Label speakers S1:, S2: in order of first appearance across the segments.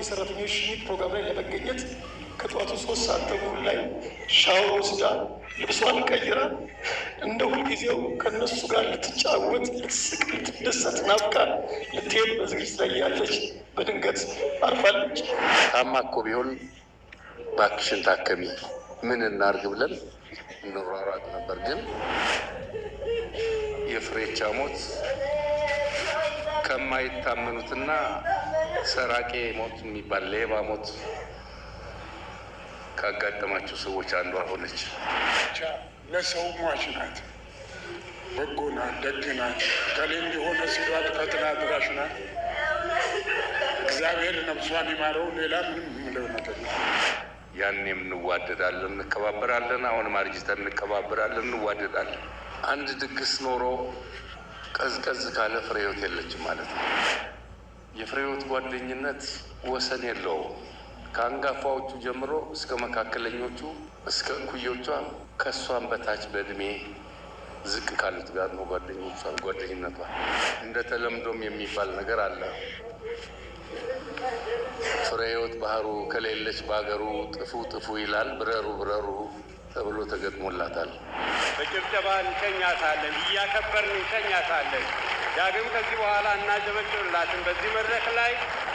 S1: የሰራተኞች ሽኝት ፕሮግራም ላይ ለመገኘት ከጠዋቱ ሶስት ሰዓት ተኩል ላይ ሻወር ወስዳ ልብሷን ቀይራ እንደ ሁልጊዜው ከእነሱ ጋር ልትጫወት፣ ልትስቅ፣ ልትደሰት ናፍቃ ልትሄድ በዝግጅት ላይ ያለች በድንገት አርፋለች።
S2: ታማ እኮ ቢሆን እባክሽን ታከሚ ምን እናርግ ብለን እንሯሯጥ ነበር። ግን የፍሬቻ ሞት ከማይታመኑትና ሰራቄ ሞት የሚባል ሌባ ሞት ካጋጠማቸው ሰዎች አንዷ ሆነች።
S1: ለሰው ሟች ናት። በጎ ናት፣ ደግ ናት። ከሌ እንዲሆነ ሲሏት ፈጥና አድራሽ ናት። እግዚአብሔር ነብሷን ይማረው። ሌላ ምንም የምለው ነገር
S2: ያኔ እንዋደዳለን፣ እንከባበራለን። አሁንም አርጅተን እንከባበራለን፣ እንዋደዳለን። አንድ ድግስ ኖሮ ቀዝቀዝ ካለ ፍሬ ሕይወት የለችም ማለት ነው። የፍሬህይወት ጓደኝነት ወሰን የለውም። ከአንጋፋዎቹ ጀምሮ እስከ መካከለኞቹ፣ እስከ እኩዮቿ ከእሷን በታች በእድሜ ዝቅ ካሉት ጋር ነው ጓደኞቿ ጓደኝነቷ። እንደ ተለምዶም የሚባል ነገር አለ ፍሬህይወት ባህሩ ከሌለች በሀገሩ ጥፉ ጥፉ ይላል ብረሩ ብረሩ ተብሎ ተገጥሞላታል። በጭብጨባ እንሸኛታለን፣ እያከበርን እንሸኛታለን። ዳግም ከዚህ በኋላ እናጨበጭብላትን። በዚህ መድረክ ላይ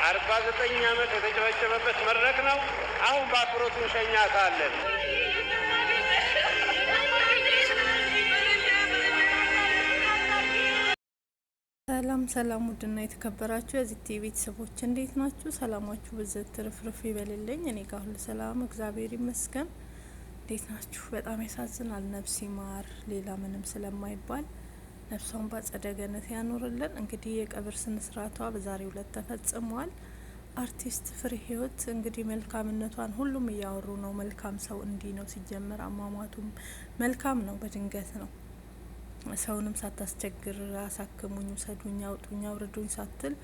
S2: አርባ ዘጠኝ ዓመት የተጨበጨበበት መድረክ ነው። አሁን በአክብሮት እንሸኛታለን።
S3: ሰላም ሰላም፣ ውድና የተከበራችሁ የዚህ ቲቪ ቤተሰቦች እንዴት ናችሁ? ሰላማችሁ ብዘት ትርፍርፍ ይበልልኝ። እኔ ጋር ሁሉ ሰላም እግዚአብሔር ይመስገን። እንዴት ናችሁ? በጣም ያሳዝናል። ነፍስ ማር ሌላ ምንም ስለማይባል ነፍሷን ባጸደ ገነት ያኖርልን። እንግዲህ የቀብር ስነ ስርዓቷ በዛሬው ዕለት ተፈጽሟል። አርቲስት ፍሬ ህይወት እንግዲህ መልካምነቷን ሁሉም እያወሩ ነው። መልካም ሰው እንዲህ ነው ሲጀመር፣ አሟሟቱም መልካም ነው። በድንገት ነው ሰውንም ሳታስቸግር አሳክሙኝ፣ ውሰዱኝ፣ አውጡኝ፣ አውርዱኝ ሳትል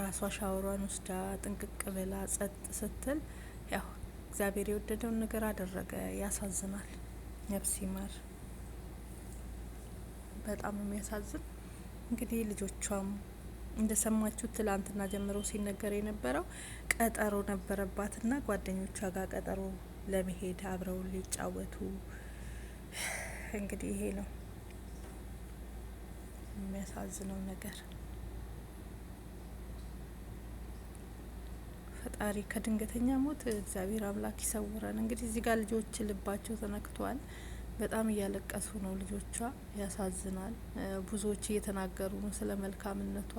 S3: ራሷ ሻወሯን ወስዳ ጥንቅቅ ብላ ጸጥ ስትል ያው እግዚአብሔር የወደደውን ነገር አደረገ። ያሳዝናል። ነፍስ ይማር። በጣም የሚያሳዝን እንግዲህ ልጆቿም እንደሰማችሁ ትላንትና ጀምሮ ሲነገር የነበረው ቀጠሮ ነበረባትና ጓደኞቿ ጋር ቀጠሮ ለመሄድ አብረው ሊጫወቱ እንግዲህ ይሄ ነው የሚያሳዝነው ነገር። ፈጣሪ ከድንገተኛ ሞት እግዚአብሔር አምላክ ይሰውረን። እንግዲህ እዚህ ጋር ልጆች ልባቸው ተነክቷል። በጣም እያለቀሱ ነው ልጆቿ። ያሳዝናል። ብዙዎች እየተናገሩ ነው ስለ መልካምነቷ።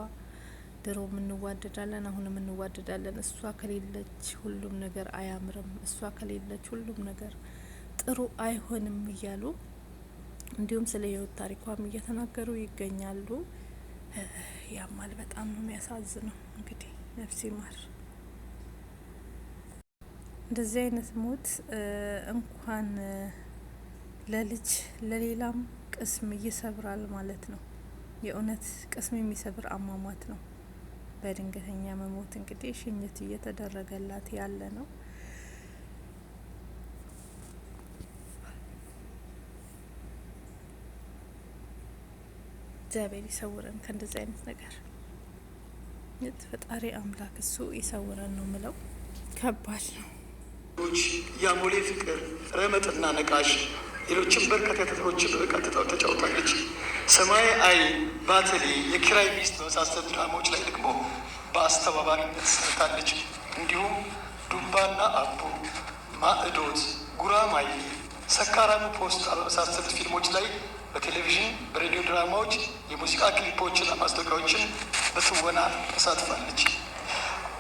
S3: ድሮም እንዋደዳለን፣ አሁንም እንዋደዳለን። እሷ ከሌለች ሁሉም ነገር አያምርም፣ እሷ ከሌለች ሁሉም ነገር ጥሩ አይሆንም እያሉ እንዲሁም ስለ ሕይወት ታሪኳም እየተናገሩ ይገኛሉ። ያማል። በጣም ነው የሚያሳዝነው። እንግዲህ ነፍስ ይማር። እንደዚህ አይነት ሞት እንኳን ለልጅ ለሌላም ቅስም ይሰብራል ማለት ነው። የእውነት ቅስም የሚሰብር አሟሟት ነው። በድንገተኛ መሞት እንግዲህ ሽኝት እየተደረገላት ያለ ነው። እግዚአብሔር ይሰውረን ከእንደዚህ አይነት ነገር። ፈጣሪ አምላክ እሱ ይሰውረን ነው ምለው። ከባድ ነው።
S1: ያሞሌ ፍቅር ረመጥና ነቃሽ ሌሎችም በርካታ ተተሮችን በቃ ተጫውታለች። ሰማይ አይ ባተሌ፣ የኪራይ ሚስት በመሳሰሉ ድራማዎች ላይ ደግሞ በአስተባባሪነት ሰርታለች። እንዲሁም ዱባና አቦ፣ ማዕዶት፣ ጉራማይ፣ ሰካራሙ ፖስታ በመሳሰሉት ፊልሞች ላይ በቴሌቪዥን በሬዲዮ ድራማዎች፣ የሙዚቃ ክሊፖችና ማስታወቂያዎችን በትወና ተሳትፋለች።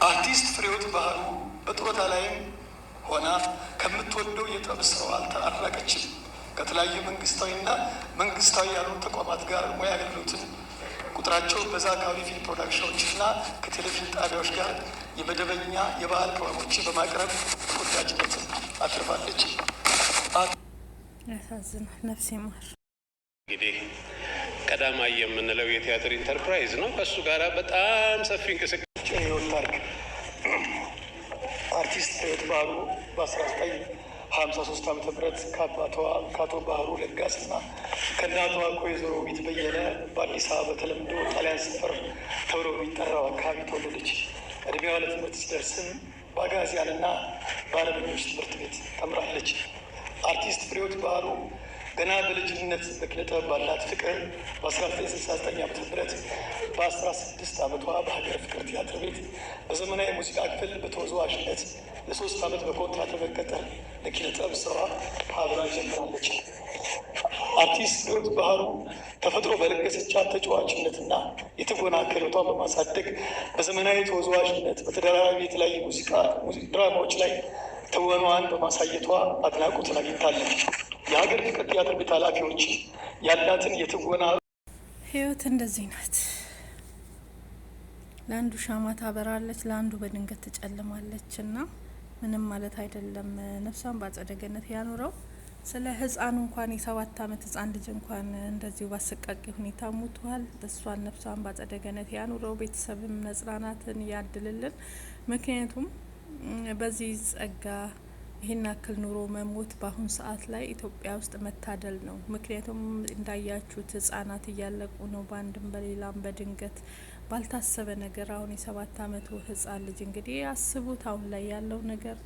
S1: አርቲስት ፍሬሕይወት ባህሩ በጡረታ ላይም ሆና ከምትወደው የጥበብ ስራዋ አልተራራቀችም። ከተለያዩ መንግስታዊና መንግስታዊ ያሉ ተቋማት ጋር ሙያ አገልግሎትን ቁጥራቸው በዛ አካባቢ ፊልም ፕሮዳክሽኖችና ከቴሌቪዥን ጣቢያዎች ጋር የመደበኛ የባህል ፕሮግራሞችን በማቅረብ ተወዳጅነትን አትርፋለች።
S3: ያሳዝናል። ነፍሴ ማር
S2: እንግዲህ ቀዳማይ የምንለው የቲያትር ኢንተርፕራይዝ ነው። ከእሱ ጋር በጣም ሰፊ እንቅስቃሴ
S1: የወት አርቲስት ህይወት በአስራ ዘጠኝ ሀምሳ ሶስት ዓመተ ምህረት ከአባቷ ከአቶ ባህሩ ለጋስና ከእናቷ ከወይዘሮ ቤት በየነ በአዲስ አበባ በተለምዶ ጣሊያን ሰፈር ተብሎ የሚጠራው አካባቢ ተወለደች። እድሜዋ ለትምህርት ሲደርስም በአጋዚያንና በአለመኞች ትምህርት ቤት ተምራለች። አርቲስት ፍሬዎት ባህሩ ገና በልጅነት በኪነጥበብ ባላት ፍቅር በ1969 ዓ ም በ16 ዓመቷ በሀገር ፍቅር ቲያትር ቤት በዘመናዊ ሙዚቃ ክፍል በተወዛዋዥነት ለሶስት ዓመት በኮንትራት በመቀጠር ለኪነጥበብ ስራ ሀብራ ጀምራለች። አርቲስት ህይወት ባህሩ ተፈጥሮ በለገሰቻ ተጫዋችነትና የትወና ክህሎቷን በማሳደግ በዘመናዊ ተወዛዋዥነት በተደራራቢ የተለያዩ ሙዚቃ ድራማዎች ላይ ትወናዋን በማሳየቷ አድናቆትን አግኝታለች። የሀገር ፍቅር ቲያትር ቤት ኃላፊዎች ያላትን የትወና
S3: ህይወት እንደዚህ ናት። ለአንዱ ሻማ ታበራለች፣ ለአንዱ በድንገት ትጨልማለች። እና ምንም ማለት አይደለም። ነፍሷን በአጸደ ገነት ያኖረው። ስለ ህፃኑ እንኳን የሰባት አመት ህፃን ልጅ እንኳን እንደዚሁ በአሰቃቂ ሁኔታ ሞቷል። እሷን ነፍሷን በአጸደ ገነት ያኑረው። ቤተሰብም መጽናናትን ያድልልን። ምክንያቱም በዚህ ጸጋ ይህን ያክል ኑሮ መሞት በአሁኑ ሰዓት ላይ ኢትዮጵያ ውስጥ መታደል ነው። ምክንያቱም እንዳያችሁት ህጻናት እያለቁ ነው፣ በአንድም በሌላም በድንገት ባልታሰበ ነገር። አሁን የሰባት አመቱ ህጻን ልጅ እንግዲህ አስቡት፣ አሁን ላይ ያለው ነገር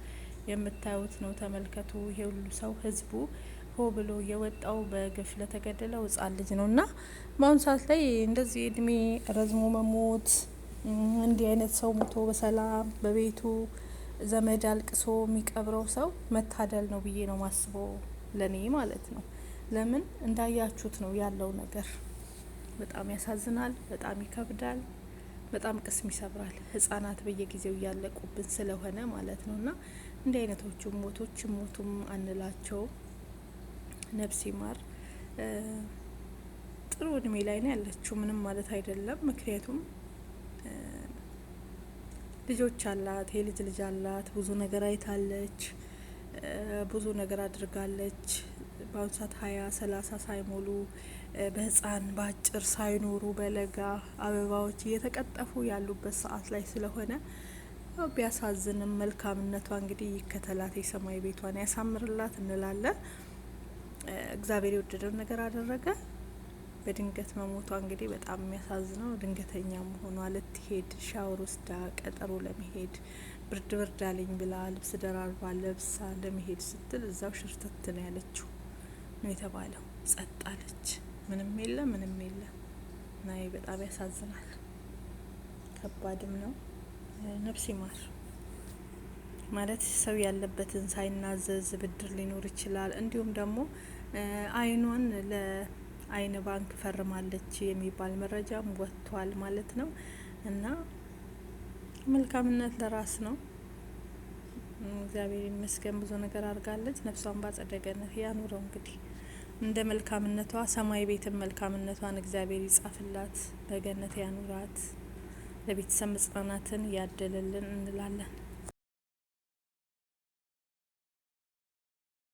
S3: የምታዩት ነው። ተመልከቱ። ይሄ ሁሉ ሰው ህዝቡ ሆ ብሎ የወጣው በግፍ ለተገደለው ህጻን ልጅ ነው እና በአሁኑ ሰዓት ላይ እንደዚህ እድሜ ረዝሞ መሞት እንዲህ አይነት ሰው ሞቶ በሰላም በቤቱ ዘመድ አልቅሶ የሚቀብረው ሰው መታደል ነው ብዬ ነው ማስበው፣ ለኔ ማለት ነው። ለምን እንዳያችሁት ነው ያለው ነገር። በጣም ያሳዝናል፣ በጣም ይከብዳል፣ በጣም ቅስም ይሰብራል። ህጻናት በየጊዜው እያለቁብን ስለሆነ ማለት ነው እና እንዲህ አይነቶቹ ሞቶች ሞቱም አንላቸው ነፍስ ይማር። ጥሩ እድሜ ላይ ነው ያለችው፣ ምንም ማለት አይደለም። ምክንያቱም ልጆች አላት፣ የልጅ ልጅ አላት። ብዙ ነገር አይታለች፣ ብዙ ነገር አድርጋለች። በአሁኑ ሰዓት ሀያ ሰላሳ ሳይሞሉ በህፃን በአጭር ሳይኖሩ በለጋ አበባዎች እየተቀጠፉ ያሉበት ሰዓት ላይ ስለሆነ ቢያሳዝንም መልካምነቷ እንግዲህ ይከተላት፣ የሰማይ ቤቷን ያሳምርላት እንላለን። እግዚአብሔር የወደደው ነገር አደረገ። በድንገት መሞቷ እንግዲህ በጣም የሚያሳዝነው ድንገተኛ መሆኗ። ልትሄድ ሻወር ወስዳ ቀጠሮ ለመሄድ ብርድ ብርድ አለኝ ብላ ልብስ ደራርባ ለብሳ ለመሄድ ስትል እዛው ሽርተት ነው ያለችው ነው የተባለው። ጸጥ አለች። ምንም የለ ምንም የለ እና በጣም ያሳዝናል። ከባድም ነው። ነፍስ ይማር ማለት ሰው ያለበትን ሳይናዘዝ ብድር ሊኖር ይችላል። እንዲሁም ደግሞ አይኗን ለ አይን ባንክ ፈርማለች የሚባል መረጃም ወጥቷል ማለት ነው። እና መልካምነት ለራስ ነው። እግዚአብሔር ይመስገን ብዙ ነገር አድርጋለች። ነፍሷን ባጸደ ገነት ያኑረው። እንግዲህ እንደ መልካምነቷ ሰማይ ቤትን መልካምነቷን እግዚአብሔር ይጻፍላት፣ በገነት ያኑራት፣ ለቤተሰብ መጽናናትን ያደለልን እንላለን።